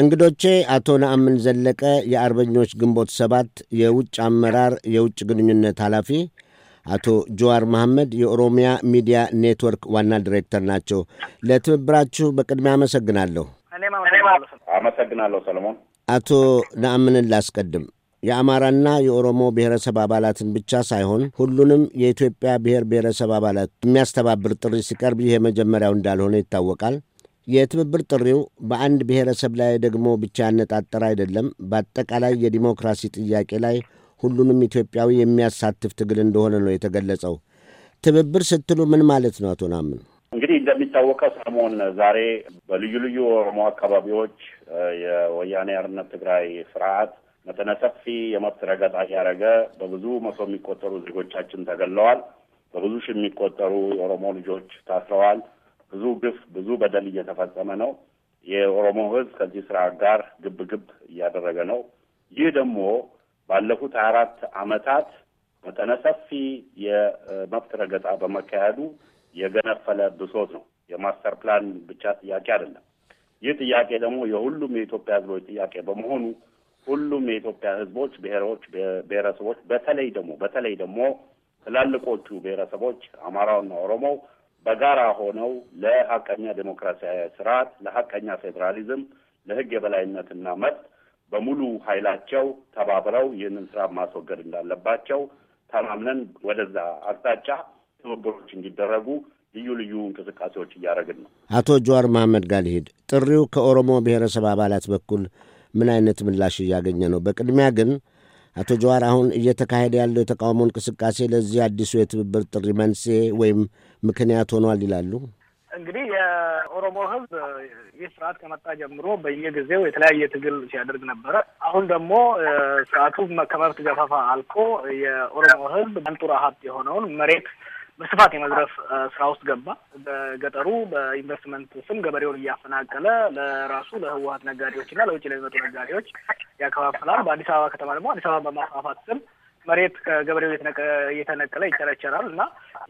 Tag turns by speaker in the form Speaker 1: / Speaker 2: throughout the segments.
Speaker 1: እንግዶቼ አቶ ነአምን ዘለቀ የአርበኞች ግንቦት ሰባት የውጭ አመራር የውጭ ግንኙነት ኃላፊ፣ አቶ ጀዋር መሐመድ የኦሮሚያ ሚዲያ ኔትወርክ ዋና ዲሬክተር ናቸው። ለትብብራችሁ በቅድሚያ አመሰግናለሁ።
Speaker 2: አመሰግናለሁ ሰለሞን።
Speaker 1: አቶ ነአምንን ላስቀድም። የአማራና የኦሮሞ ብሔረሰብ አባላትን ብቻ ሳይሆን ሁሉንም የኢትዮጵያ ብሔር ብሔረሰብ አባላት የሚያስተባብር ጥሪ ሲቀርብ ይህ የመጀመሪያው እንዳልሆነ ይታወቃል። የትብብር ጥሪው በአንድ ብሔረሰብ ላይ ደግሞ ብቻ ያነጣጠረ አይደለም፣ በአጠቃላይ የዲሞክራሲ ጥያቄ ላይ ሁሉንም ኢትዮጵያዊ የሚያሳትፍ ትግል እንደሆነ ነው የተገለጸው። ትብብር ስትሉ ምን ማለት ነው አቶ ናምን?
Speaker 2: እንግዲህ እንደሚታወቀው ሰለሞን፣ ዛሬ በልዩ ልዩ ኦሮሞ አካባቢዎች የወያኔ አርነት ትግራይ ስርዓት መጠነ ሰፊ የመብት ረገጣ እያደረገ በብዙ መቶ የሚቆጠሩ ዜጎቻችን ተገለዋል። በብዙ ሺህ የሚቆጠሩ የኦሮሞ ልጆች ታስረዋል። ብዙ ግፍ፣ ብዙ በደል እየተፈጸመ ነው። የኦሮሞ ህዝብ ከዚህ ስራ ጋር ግብ ግብ እያደረገ ነው። ይህ ደግሞ ባለፉት አራት አመታት መጠነ ሰፊ የመብት ረገጣ በመካሄዱ የገነፈለ ብሶት ነው። የማስተር ፕላን ብቻ ጥያቄ አይደለም። ይህ ጥያቄ ደግሞ የሁሉም የኢትዮጵያ ህዝቦች ጥያቄ በመሆኑ ሁሉም የኢትዮጵያ ህዝቦች፣ ብሔሮች፣ ብሔረሰቦች በተለይ ደግሞ በተለይ ደግሞ ትላልቆቹ ብሔረሰቦች አማራውና ኦሮሞው በጋራ ሆነው ለሀቀኛ ዴሞክራሲያዊ ስርዓት፣ ለሀቀኛ ፌዴራሊዝም፣ ለህግ የበላይነትና መብት በሙሉ ኃይላቸው ተባብረው ይህንን ስራ ማስወገድ እንዳለባቸው ተማምነን ወደዛ አቅጣጫ ትብብሮች እንዲደረጉ ልዩ ልዩ እንቅስቃሴዎች እያደረግን ነው።
Speaker 1: አቶ ጀዋር መሐመድ ጋልሂድ ጥሪው ከኦሮሞ ብሔረሰብ አባላት በኩል ምን አይነት ምላሽ እያገኘ ነው? በቅድሚያ ግን አቶ ጀዋር አሁን እየተካሄደ ያለው የተቃውሞ እንቅስቃሴ ለዚህ አዲሱ የትብብር ጥሪ መንስኤ ወይም ምክንያት ሆኗል ይላሉ።
Speaker 3: እንግዲህ የኦሮሞ ህዝብ ይህ ስርዓት ከመጣ ጀምሮ በየጊዜው የተለያየ ትግል ሲያደርግ ነበረ። አሁን ደግሞ ስርዓቱ ከመብት ገፈፋ አልፎ የኦሮሞ ህዝብ መንጡራ ሀብት የሆነውን መሬት በስፋት የመዝረፍ ስራ ውስጥ ገባ። በገጠሩ በኢንቨስትመንት ስም ገበሬውን እያፈናቀለ ለራሱ ለህወሀት ነጋዴዎች እና ለውጭ ለሚመጡ ነጋዴዎች ያከፋፍላል። በአዲስ አበባ ከተማ ደግሞ አዲስ አበባ በማስፋፋት ስም መሬት ከገበሬው እየተነቀለ ይቸረቸራል እና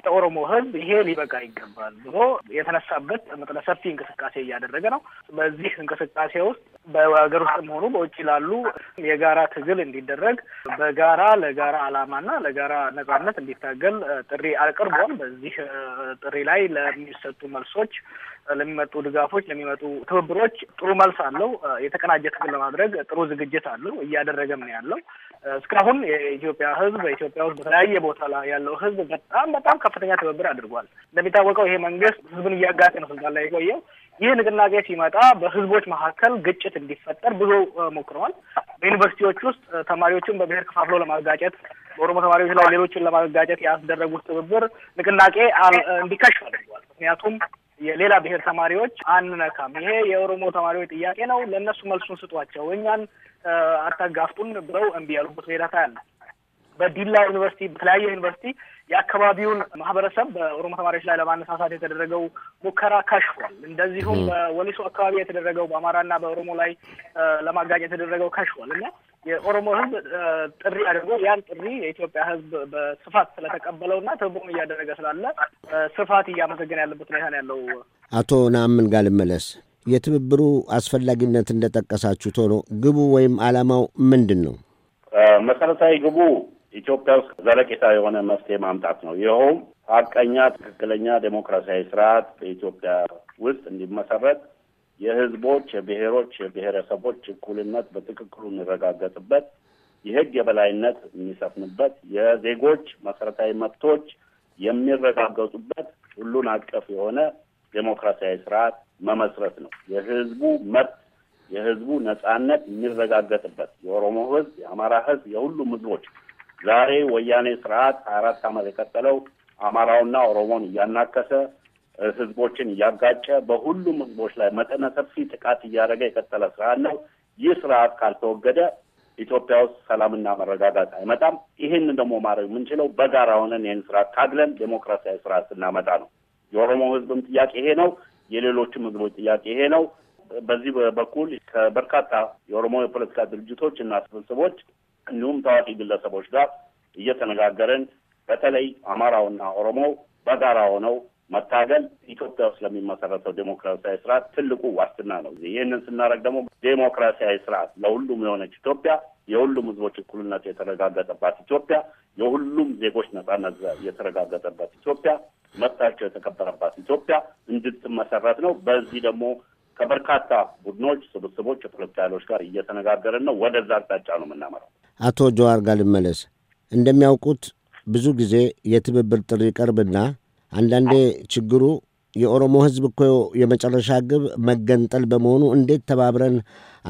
Speaker 3: የኦሮሞ ህዝብ ይሄ ሊበቃ ይገባል ብሎ የተነሳበት መጠነ ሰፊ እንቅስቃሴ እያደረገ ነው። በዚህ እንቅስቃሴ ውስጥ በሀገር ውስጥም ሆኑ በውጭ ላሉ የጋራ ትግል እንዲደረግ በጋራ ለጋራ ዓላማና ለጋራ ነጻነት እንዲታገል ጥሪ አቅርቧል። በዚህ ጥሪ ላይ ለሚሰጡ መልሶች ለሚመጡ ድጋፎች፣ ለሚመጡ ትብብሮች ጥሩ መልስ አለው። የተቀናጀ ትግል ለማድረግ ጥሩ ዝግጅት አለው፣ እያደረገም ነው ያለው። እስካሁን የኢትዮጵያ ሕዝብ በኢትዮጵያ ውስጥ በተለያየ ቦታ ላይ ያለው ሕዝብ በጣም በጣም ከፍተኛ ትብብር አድርጓል። እንደሚታወቀው ይሄ መንግስት ሕዝብን እያጋጤ ነው ስልጣን ላይ የቆየው። ይህ ንቅናቄ ሲመጣ በህዝቦች መካከል ግጭት እንዲፈጠር ብዙ ሞክረዋል። በዩኒቨርሲቲዎች ውስጥ ተማሪዎችን በብሔር ከፋፍሎ ለማጋጨት፣ በኦሮሞ ተማሪዎች ላይ ሌሎችን ለማጋጨት ያስደረጉት ትብብር ንቅናቄ እንዲከሽፍ አድርጓል። ምክንያቱም የሌላ ብሔር ተማሪዎች አንነካም፣ ይሄ የኦሮሞ ተማሪዎች ጥያቄ ነው፣ ለእነሱ መልሱን ስጧቸው፣ እኛን አታጋፍጡን ብለው እምቢ ያሉበት ሁኔታ ያለ በዲላ ዩኒቨርሲቲ፣ በተለያየ ዩኒቨርሲቲ የአካባቢውን ማህበረሰብ በኦሮሞ ተማሪዎች ላይ ለማነሳሳት የተደረገው ሙከራ ከሽፏል። እንደዚሁም በወሊሶ አካባቢ የተደረገው በአማራና በኦሮሞ ላይ ለማጋጭ የተደረገው ከሽፏል እና የኦሮሞ ህዝብ ጥሪ አድርጎ ያን ጥሪ የኢትዮጵያ ህዝብ በስፋት ስለተቀበለው እና ትብብሩን እያደረገ ስላለ ስፋት እያመሰገን ያለበት ሁኔታ ነው ያለው።
Speaker 1: አቶ ናምን ጋር ልመለስ። የትብብሩ አስፈላጊነት እንደጠቀሳችሁ ሆኖ ግቡ ወይም አላማው ምንድን ነው?
Speaker 2: መሰረታዊ ግቡ ኢትዮጵያ ውስጥ ዘለቄታ የሆነ መፍትሄ ማምጣት ነው። ይኸውም ሀቀኛ፣ ትክክለኛ ዴሞክራሲያዊ ስርዓት በኢትዮጵያ ውስጥ እንዲመሰረት የህዝቦች፣ የብሔሮች፣ የብሔረሰቦች እኩልነት በትክክሉ የሚረጋገጥበት የህግ የበላይነት የሚሰፍንበት የዜጎች መሰረታዊ መብቶች የሚረጋገጡበት ሁሉን አቀፍ የሆነ ዴሞክራሲያዊ ስርዓት መመስረት ነው። የህዝቡ መብት የህዝቡ ነጻነት የሚረጋገጥበት የኦሮሞ ህዝብ፣ የአማራ ህዝብ፣ የሁሉም ህዝቦች ዛሬ ወያኔ ስርዓት አራት ዓመት የቀጠለው አማራውና ኦሮሞን እያናከሰ ህዝቦችን እያጋጨ በሁሉም ህዝቦች ላይ መጠነ ሰፊ ጥቃት እያደረገ የቀጠለ ስርዓት ነው። ይህ ስርዓት ካልተወገደ ኢትዮጵያ ውስጥ ሰላምና መረጋጋት አይመጣም። ይህን ደግሞ ማድረግ የምንችለው በጋራ ሆነን ይህን ስርዓት ታግለን ዴሞክራሲያዊ ስርዓት ስናመጣ ነው። የኦሮሞ ህዝብም ጥያቄ ይሄ ነው። የሌሎችም ህዝቦች ጥያቄ ይሄ ነው። በዚህ በኩል ከበርካታ የኦሮሞ የፖለቲካ ድርጅቶች እና ስብስቦች እንዲሁም ታዋቂ ግለሰቦች ጋር እየተነጋገርን በተለይ አማራውና ኦሮሞው በጋራ ሆነው መታገል ኢትዮጵያ ውስጥ ለሚመሰረተው ዴሞክራሲያዊ ስርዓት ትልቁ ዋስትና ነው። ይህንን ስናደርግ ደግሞ ዴሞክራሲያዊ ስርዓት ለሁሉም የሆነች ኢትዮጵያ፣ የሁሉም ህዝቦች እኩልነት የተረጋገጠባት ኢትዮጵያ፣ የሁሉም ዜጎች ነጻነት የተረጋገጠባት ኢትዮጵያ፣ መብታቸው የተከበረባት ኢትዮጵያ እንድትመሰረት ነው። በዚህ ደግሞ ከበርካታ ቡድኖች፣ ስብስቦች፣ የፖለቲካ ኃይሎች ጋር እየተነጋገርን ነው። ወደዛ አቅጣጫ ነው የምናመራው።
Speaker 1: አቶ ጀዋር ጋር ልመለስ። እንደሚያውቁት ብዙ ጊዜ የትብብር ጥሪ ቀርብና አንዳንዴ ችግሩ የኦሮሞ ሕዝብ እኮ የመጨረሻ ግብ መገንጠል በመሆኑ እንዴት ተባብረን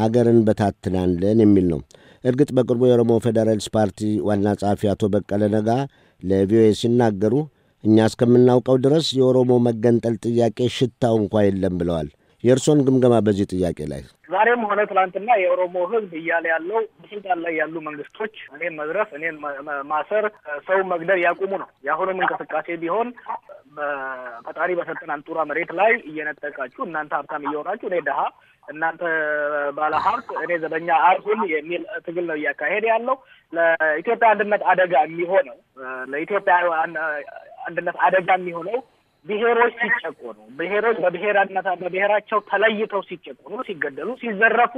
Speaker 1: አገርን በታትናለን የሚል ነው። እርግጥ በቅርቡ የኦሮሞ ፌዴራልስ ፓርቲ ዋና ጸሐፊ አቶ በቀለ ነጋ ለቪኦኤ ሲናገሩ እኛ እስከምናውቀው ድረስ የኦሮሞ መገንጠል ጥያቄ ሽታው እንኳ የለም ብለዋል። የእርስዎን ግምገማ በዚህ ጥያቄ ላይ?
Speaker 3: ዛሬም ሆነ ትላንትና የኦሮሞ ህዝብ እያለ ያለው በስልጣን ላይ ያሉ መንግስቶች እኔን መዝረፍ፣ እኔን ማሰር፣ ሰው መግደል ያቁሙ ነው። የአሁኑም እንቅስቃሴ ቢሆን በፈጣሪ በሰጠን አንጡራ መሬት ላይ እየነጠቃችሁ እናንተ ሀብታም እየሆናችሁ እኔ ድሀ፣ እናንተ ባለ ሀብት፣ እኔ ዘበኛ አርሁን የሚል ትግል ነው እያካሄደ ያለው ለኢትዮጵያ አንድነት አደጋ የሚሆነው ለኢትዮጵያ አንድነት አደጋ የሚሆነው ብሔሮች ሲጨቆኑ ብሔሮች በብሔራነት በብሔራቸው ተለይተው ሲጨቆኑ፣ ሲገደሉ፣ ሲዘረፉ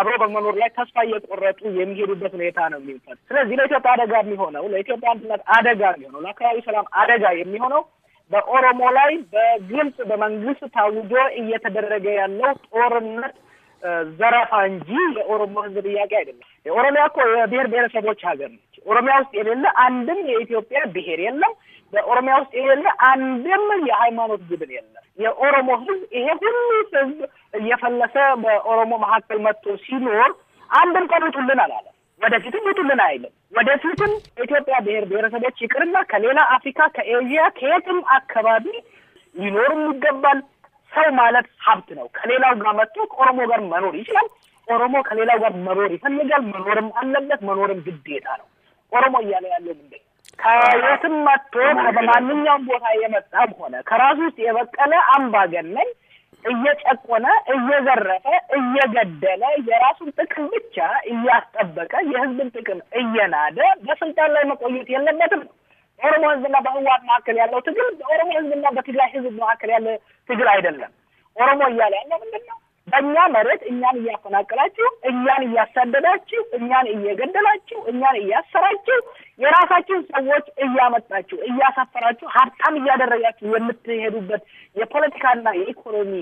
Speaker 3: አብሮ በመኖር ላይ ተስፋ እየቆረጡ የሚሄዱበት ሁኔታ ነው የሚፈጠረው። ስለዚህ ለኢትዮጵያ አደጋ የሚሆነው ለኢትዮጵያ አንድነት አደጋ የሚሆነው ለአካባቢ ሰላም አደጋ የሚሆነው በኦሮሞ ላይ በግልጽ በመንግስት ታውጆ እየተደረገ ያለው ጦርነት ዘረፋ እንጂ የኦሮሞ ህዝብ ጥያቄ አይደለም። የኦሮሚያ እኮ የብሔር ብሔረሰቦች ሀገር ነች። ኦሮሚያ ውስጥ የሌለ አንድም የኢትዮጵያ ብሔር የለም። በኦሮሚያ ውስጥ ይሄ የለ አንድም የሃይማኖት ግብን የለ። የኦሮሞ ህዝብ ይሄ ሁሉ ህዝብ እየፈለሰ በኦሮሞ መካከል መጥቶ ሲኖር አንድም ቀን ውጡልን አላለም። ወደፊትም ውጡልን አይልም። ወደፊትም ኢትዮጵያ ብሔር ብሔረሰቦች ይቅርና ከሌላ አፍሪካ፣ ከኤዥያ፣ ከየትም አካባቢ ሊኖርም ይገባል። ሰው ማለት ሀብት ነው። ከሌላው ጋር መጥቶ ከኦሮሞ ጋር መኖር ይችላል። ኦሮሞ ከሌላው ጋር መኖር ይፈልጋል። መኖርም አለበት። መኖርም ግዴታ ነው። ኦሮሞ እያለ ያለው ምንድን ከየትም መጥቶ በማንኛውም ቦታ የመጣም ሆነ ከራሱ ውስጥ የበቀለ አምባገነን እየጨቆነ እየዘረፈ እየገደለ የራሱን ጥቅም ብቻ እያስጠበቀ የህዝብን ጥቅም እየናደ በስልጣን ላይ መቆየት የለበትም ነው። በኦሮሞ ህዝብና በህዋት መካከል ያለው ትግል በኦሮሞ ህዝብና በትግራይ ህዝብ መካከል ያለ ትግል አይደለም። ኦሮሞ እያለ ያለው ምንድን ነው? በእኛ መሬት እኛን እያፈናቀላችሁ፣ እኛን እያሳደዳችሁ፣ እኛን እየገደላችሁ፣ እኛን እያሰራችሁ፣ የራሳችን ሰዎች እያመጣችሁ እያሳፈራችሁ፣ ሀብታም እያደረጋችሁ የምትሄዱበት የፖለቲካና የኢኮኖሚ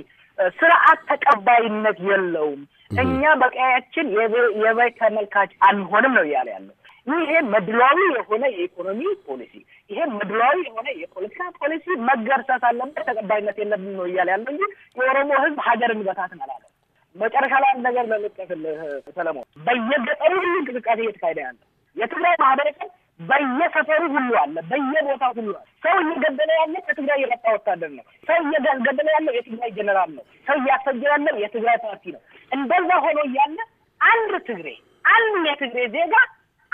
Speaker 3: ስርዓት ተቀባይነት የለውም። እኛ በቀያችን የበይ ተመልካች አንሆንም ነው እያለ ያለው። ይሄ መድሏዊ የሆነ የኢኮኖሚ ፖሊሲ ይሄ መድሏዊ የሆነ የፖለቲካ ፖሊሲ መገርሰት አለበት፣ ተቀባይነት የለብም ነው እያለ ያለ እንጂ የኦሮሞ ህዝብ ሀገር እንበታትን መላለ መጨረሻ ላይ አንድ ነገር ለምጠቅልህ ሰለሞን፣ በየገጠሩ ሁሉ እንቅስቃሴ እየተካሄደ ያለ የትግራይ ማህበረሰብ በየሰፈሩ ሁሉ አለ፣ በየቦታው ሁሉ አለ። ሰው እየገደለ ያለ ከትግራይ የመጣ ወታደር ነው። ሰው እየገደለ ያለ የትግራይ ጀነራል ነው። ሰው እያሰጀ ያለ የትግራይ ፓርቲ ነው። እንደዛ ሆኖ እያለ አንድ ትግሬ አንድ የትግሬ ዜጋ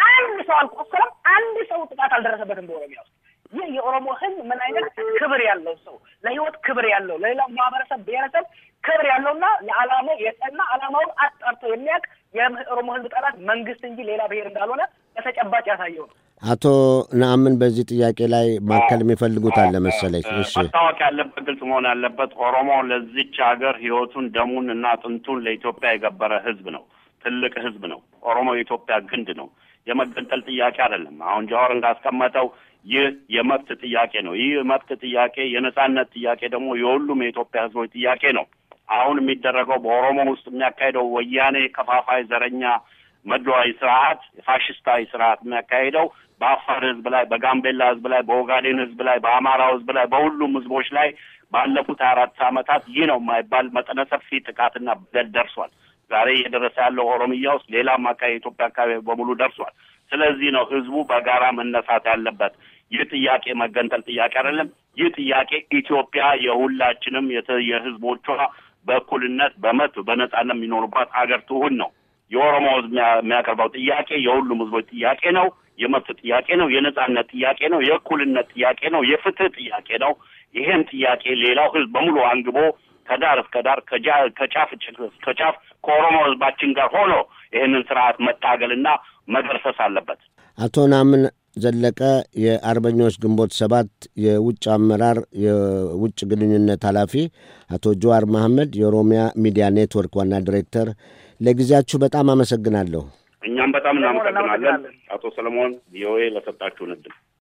Speaker 3: አንድ ሰው አልቆሰለም፣ አንድ ሰው ጥቃት አልደረሰበትም በኦሮሚያ ውስጥ። ይህ የኦሮሞ ህዝብ ምን አይነት ክብር ያለው ሰው ለህይወት ክብር ያለው ለሌላው ማህበረሰብ ብሔረሰብ ክብር ያለውና ለዓላማው የጠና አላማውን አጣርቶ የሚያውቅ የኦሮሞ ህዝብ ጠላት መንግስት እንጂ ሌላ ብሔር እንዳልሆነ በተጨባጭ ያሳየው ነው።
Speaker 1: አቶ ነአምን በዚህ ጥያቄ ላይ ማከል የሚፈልጉት አለ መሰለኝ። እሺ
Speaker 3: መታወቅ ያለበት
Speaker 2: ግልጽ መሆን ያለበት ኦሮሞ ለዚች ሀገር ህይወቱን፣ ደሙን እና አጥንቱን ለኢትዮጵያ የገበረ ህዝብ ነው። ትልቅ ህዝብ ነው። ኦሮሞ የኢትዮጵያ ግንድ ነው። የመገንጠል ጥያቄ አይደለም። አሁን ጃዋር እንዳስቀመጠው ይህ የመብት ጥያቄ ነው። ይህ የመብት ጥያቄ፣ የነጻነት ጥያቄ ደግሞ የሁሉም የኢትዮጵያ ሕዝቦች ጥያቄ ነው። አሁን የሚደረገው በኦሮሞ ውስጥ የሚያካሄደው ወያኔ ከፋፋይ ዘረኛ መድሏዊ ስርዓት የፋሽስታዊ ስርዓት የሚያካሄደው በአፋር ህዝብ ላይ፣ በጋምቤላ ህዝብ ላይ፣ በኦጋዴን ህዝብ ላይ፣ በአማራው ህዝብ ላይ፣ በሁሉም ህዝቦች ላይ ባለፉት አራት ዓመታት ይህ ነው የማይባል መጠነ ሰፊ ጥቃትና በደል ደርሷል። ዛሬ እየደረሰ ያለው ኦሮሚያ ውስጥ ሌላም አካባቢ የኢትዮጵያ አካባቢ በሙሉ ደርሷል። ስለዚህ ነው ህዝቡ በጋራ መነሳት ያለበት። ይህ ጥያቄ መገንጠል ጥያቄ አይደለም። ይህ ጥያቄ ኢትዮጵያ የሁላችንም የህዝቦቿ በእኩልነት በመብት በነጻነት የሚኖሩባት አገር ትሁን ነው። የኦሮሞ ህዝብ የሚያቀርበው ጥያቄ የሁሉም ህዝቦች ጥያቄ ነው። የመብት ጥያቄ ነው። የነጻነት ጥያቄ ነው። የእኩልነት ጥያቄ ነው። የፍትህ ጥያቄ ነው። ይሄን ጥያቄ ሌላው ህዝብ በሙሉ አንግቦ ከዳር እስከ ዳር ከጫፍ እስከ ጫፍ ከኦሮሞ ህዝባችን ጋር ሆኖ ይህንን ስርዓት መታገልና መገርሰስ አለበት።
Speaker 1: አቶ ናምን ዘለቀ የአርበኞች ግንቦት ሰባት የውጭ አመራር የውጭ ግንኙነት ኃላፊ፣ አቶ ጀዋር መሐመድ የኦሮሚያ ሚዲያ ኔትወርክ ዋና ዲሬክተር፣ ለጊዜያችሁ በጣም አመሰግናለሁ።
Speaker 2: እኛም በጣም እናመሰግናለን አቶ ሰለሞን ቪኦኤ ለሰጣችሁን እድል።